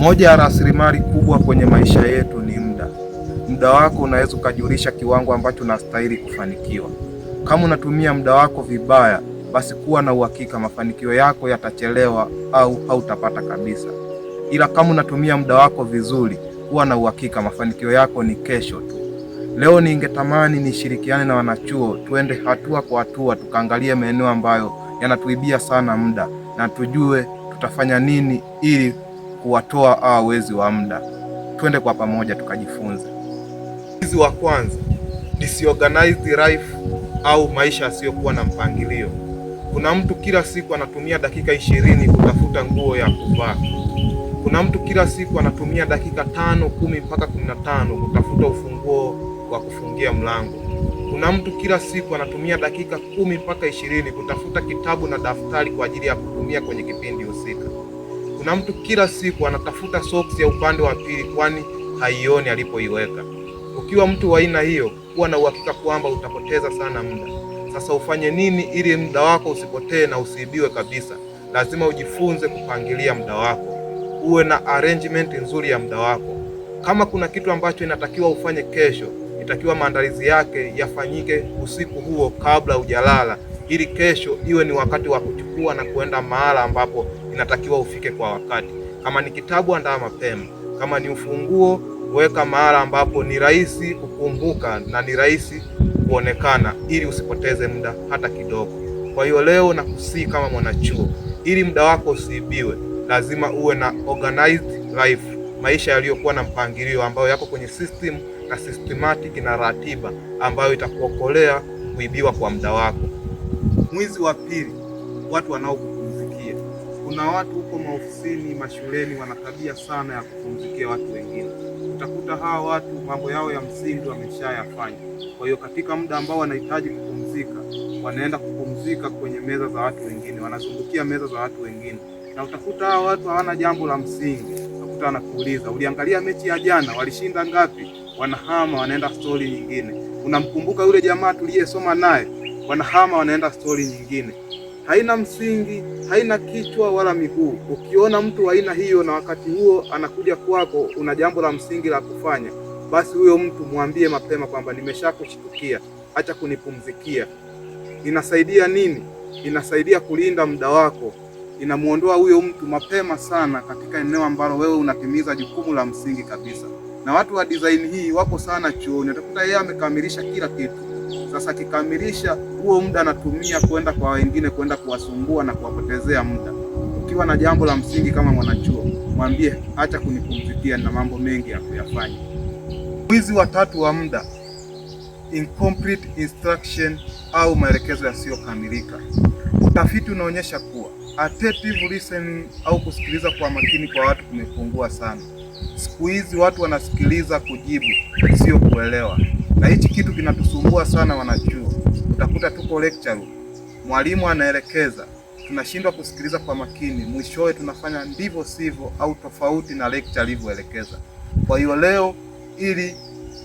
Moja ya rasilimali kubwa kwenye maisha yetu ni muda. Muda wako unaweza ukajulisha kiwango ambacho unastahili kufanikiwa. Kama unatumia muda wako vibaya, basi kuwa na uhakika mafanikio yako yatachelewa au hautapata kabisa. Ila kama unatumia muda wako vizuri, kuwa na uhakika mafanikio yako ni kesho tu. Leo ningetamani ni nishirikiane na wanachuo, tuende hatua kwa hatua, tukaangalie maeneo ambayo yanatuibia sana muda na tujue tutafanya nini ili kuwatoa hawa wezi wa muda. Twende kwa pamoja tukajifunze. Wizi wa kwanza, disorganized life au maisha yasiyokuwa na mpangilio. Kuna mtu kila siku anatumia dakika ishirini kutafuta nguo ya kuvaa. Kuna mtu kila siku anatumia dakika tano kumi mpaka kumi na tano kutafuta ufunguo wa kufungia mlango. Kuna mtu kila siku anatumia dakika kumi mpaka ishirini kutafuta kitabu na daftari kwa ajili ya kutumia kwenye kipindi husika. Kuna mtu kila siku anatafuta soks ya upande wa pili, kwani haioni alipoiweka. Ukiwa mtu wa aina hiyo, kuwa na uhakika kwamba utapoteza sana muda. Sasa ufanye nini ili muda wako usipotee na usiibiwe kabisa? Lazima ujifunze kupangilia muda wako, uwe na arrangement nzuri ya muda wako. Kama kuna kitu ambacho inatakiwa ufanye kesho, itakiwa maandalizi yake yafanyike usiku huo kabla hujalala ili kesho iwe ni wakati wa kuchukua na kuenda mahala ambapo inatakiwa ufike kwa wakati. Kama ni kitabu, andaa mapema. Kama ni ufunguo, weka mahala ambapo ni rahisi kukumbuka na ni rahisi kuonekana, ili usipoteze muda hata kidogo. Kwa hiyo leo nakusii kama mwanachuo, ili muda wako usiibiwe, lazima uwe na organized life, maisha yaliyokuwa na mpangilio, ambayo yako kwenye system na systematic na ratiba ambayo itakuokolea kuibiwa kwa muda wako mwezi wa pili watu wanaokupumzikia. Kuna watu huko maofisini, mashuleni wana tabia sana ya kupumzikia watu wengine. Utakuta hawa watu mambo yao ya msingi wameshayafanya, kwa hiyo katika muda ambao wanahitaji kupumzika, wanaenda kupumzika kwenye meza za watu wengine, wanazungukia meza za watu wengine, na utakuta hawa watu hawana jambo la msingi. Utakuta anakuuliza uliangalia mechi ya jana, walishinda ngapi? Wanahama, wanaenda stori nyingine. Unamkumbuka yule jamaa tuliyesoma naye wanahama wanaenda stori nyingine, haina msingi, haina kichwa wala miguu. Ukiona mtu aina hiyo na wakati huo anakuja kwako, una jambo la msingi la kufanya, basi huyo mtu mwambie mapema kwamba nimeshakushtukia, acha kunipumzikia. Inasaidia nini? Inasaidia kulinda muda wako, inamwondoa huyo mtu mapema sana katika eneo ambalo wewe unatimiza jukumu la msingi kabisa. Na watu wa design hii wako sana chuoni, utakuta yeye amekamilisha kila kitu sasa akikamilisha huo muda anatumia kwenda kwa wengine, kwenda kuwasumbua na kuwapotezea muda. Ukiwa na jambo la msingi kama mwanachuo, mwambie acha kunipumzikia na mambo mengi ya kuyafanya. Wizi wa tatu wa muda, incomplete instruction au maelekezo yasiyokamilika. Utafiti unaonyesha kuwa attentive listening au kusikiliza kwa makini kwa watu kumepungua sana. Siku hizi watu wanasikiliza kujibu, sio kuelewa na hichi kitu kinatusumbua sana wanachuo. Utakuta tuko lecture, mwalimu anaelekeza, tunashindwa kusikiliza kwa makini, mwishowe tunafanya ndivyo sivyo au tofauti na lecture alivyoelekeza. Kwa hiyo leo, ili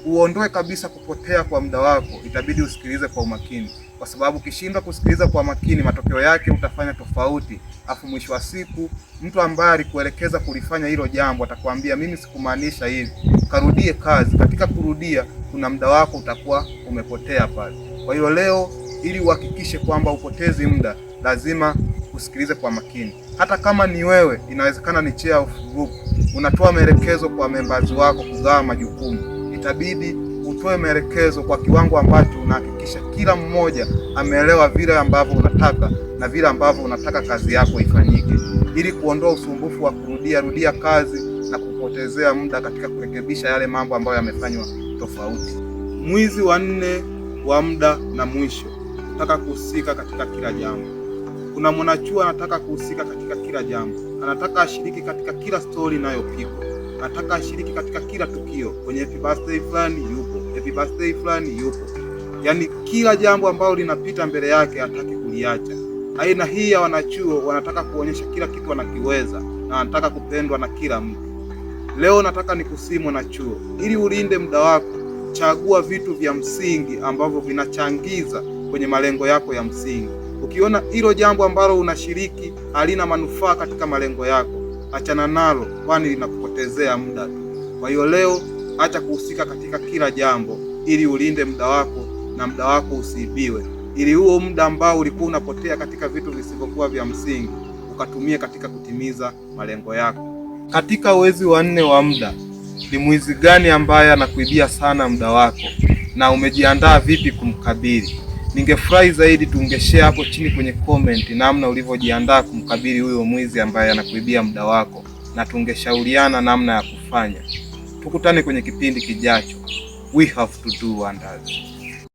uondoe kabisa kupotea kwa muda wako, itabidi usikilize kwa umakini, kwa sababu ukishindwa kusikiliza kwa makini, matokeo yake utafanya tofauti, afu mwisho wa siku mtu ambaye alikuelekeza kulifanya hilo jambo atakwambia mimi sikumaanisha hivi karudie kazi. Katika kurudia, kuna muda wako utakuwa umepotea pale. Kwa hiyo leo, ili uhakikishe kwamba upotezi muda, lazima usikilize kwa makini. Hata kama ni wewe, inawezekana ni chair of group, unatoa maelekezo kwa membazi wako kugawa majukumu, itabidi utoe maelekezo kwa kiwango ambacho unahakikisha kila mmoja ameelewa vile ambavyo unataka na vile ambavyo unataka kazi yako ifanyike, ili kuondoa usumbufu wa kurudia rudia kazi na kupotezea muda katika kurekebisha yale mambo ambayo yamefanywa tofauti. Mwizi wa nne wa muda na mwisho, anataka kuhusika katika kila jambo. Kuna mwanachuo anataka kuhusika katika kila jambo, anataka ashiriki katika kila stori inayopigwa, anataka ashiriki katika kila tukio. Kwenye happy birthday fulani yupo, happy birthday fulani yupo, yaani kila jambo ambalo linapita mbele yake hataki kuliacha. Aina hii ya wanachuo wanataka kuonyesha kila kitu wanakiweza na wanataka kupendwa na kila mtu. Leo nataka nikusihi mwanachuo, ili ulinde muda wako, chagua vitu vya msingi ambavyo vinachangiza kwenye malengo yako ya msingi. Ukiona hilo jambo ambalo unashiriki halina manufaa katika malengo yako, achana nalo, kwani linakupotezea muda tu. Kwa hiyo leo acha kuhusika katika kila jambo, ili ulinde muda wako na muda wako usiibiwe, ili huo muda ambao ulikuwa unapotea katika vitu visivyokuwa vya msingi ukatumie katika kutimiza malengo yako. Katika wezi nne wa muda, ni mwizi gani ambaye anakuibia sana muda wako na umejiandaa vipi kumkabili? Ningefurahi zaidi tungeshare hapo chini kwenye comment namna ulivyojiandaa kumkabili huyo mwizi ambaye anakuibia muda wako na tungeshauriana namna ya kufanya. Tukutane kwenye kipindi kijacho. We have to do wonders.